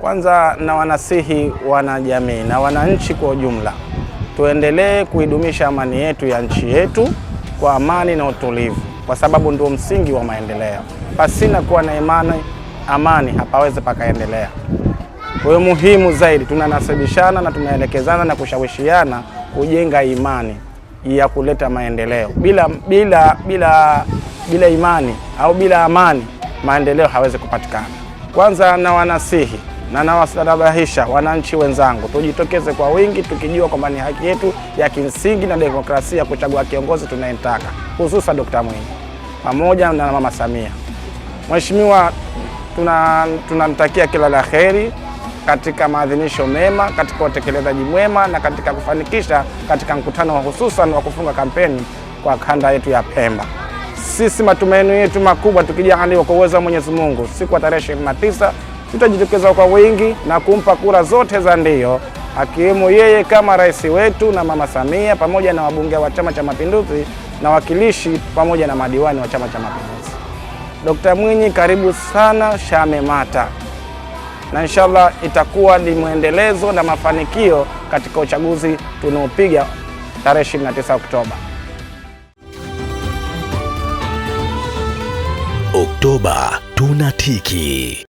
Kwanza na wanasihi wanajamii na wananchi kwa ujumla, tuendelee kuidumisha amani yetu ya nchi yetu kwa amani na utulivu, kwa sababu ndio msingi wa maendeleo. Pasina kuwa na imani, amani hapawezi pakaendelea. Kwa hiyo muhimu zaidi, tunanasibishana na tunaelekezana na kushawishiana kujenga imani ya kuleta maendeleo. Bila, bila, bila, bila imani au bila amani maendeleo hawezi kupatikana. Kwanza na wanasihi na nawasalabahisha wananchi wenzangu, tujitokeze kwa wingi, tukijua kwamba ni haki yetu ya kimsingi na demokrasia kuchagua kiongozi tunayemtaka, hususan Dokta Mwinyi pamoja na Mama Samia. Mheshimiwa, tunamtakia tuna kila la heri katika maadhimisho mema, katika utekelezaji mwema na katika kufanikisha katika mkutano wa hususan wa kufunga kampeni kwa kanda yetu ya Pemba. Sisi matumaini yetu makubwa, tukijaliwa kwa uwezo wa Mwenyezi Mungu, siku ya tarehe 29 tutajitokeza kwa wingi na kumpa kura zote za ndio, akiwemo yeye kama rais wetu na Mama Samia pamoja na wabunge wa Chama cha Mapinduzi na wakilishi pamoja na madiwani wa Chama cha Mapinduzi. Dokta Mwinyi, karibu sana Shamemata, na inshallah itakuwa ni mwendelezo na mafanikio katika uchaguzi tunaopiga tarehe 29 Oktoba. Oktoba tunatiki.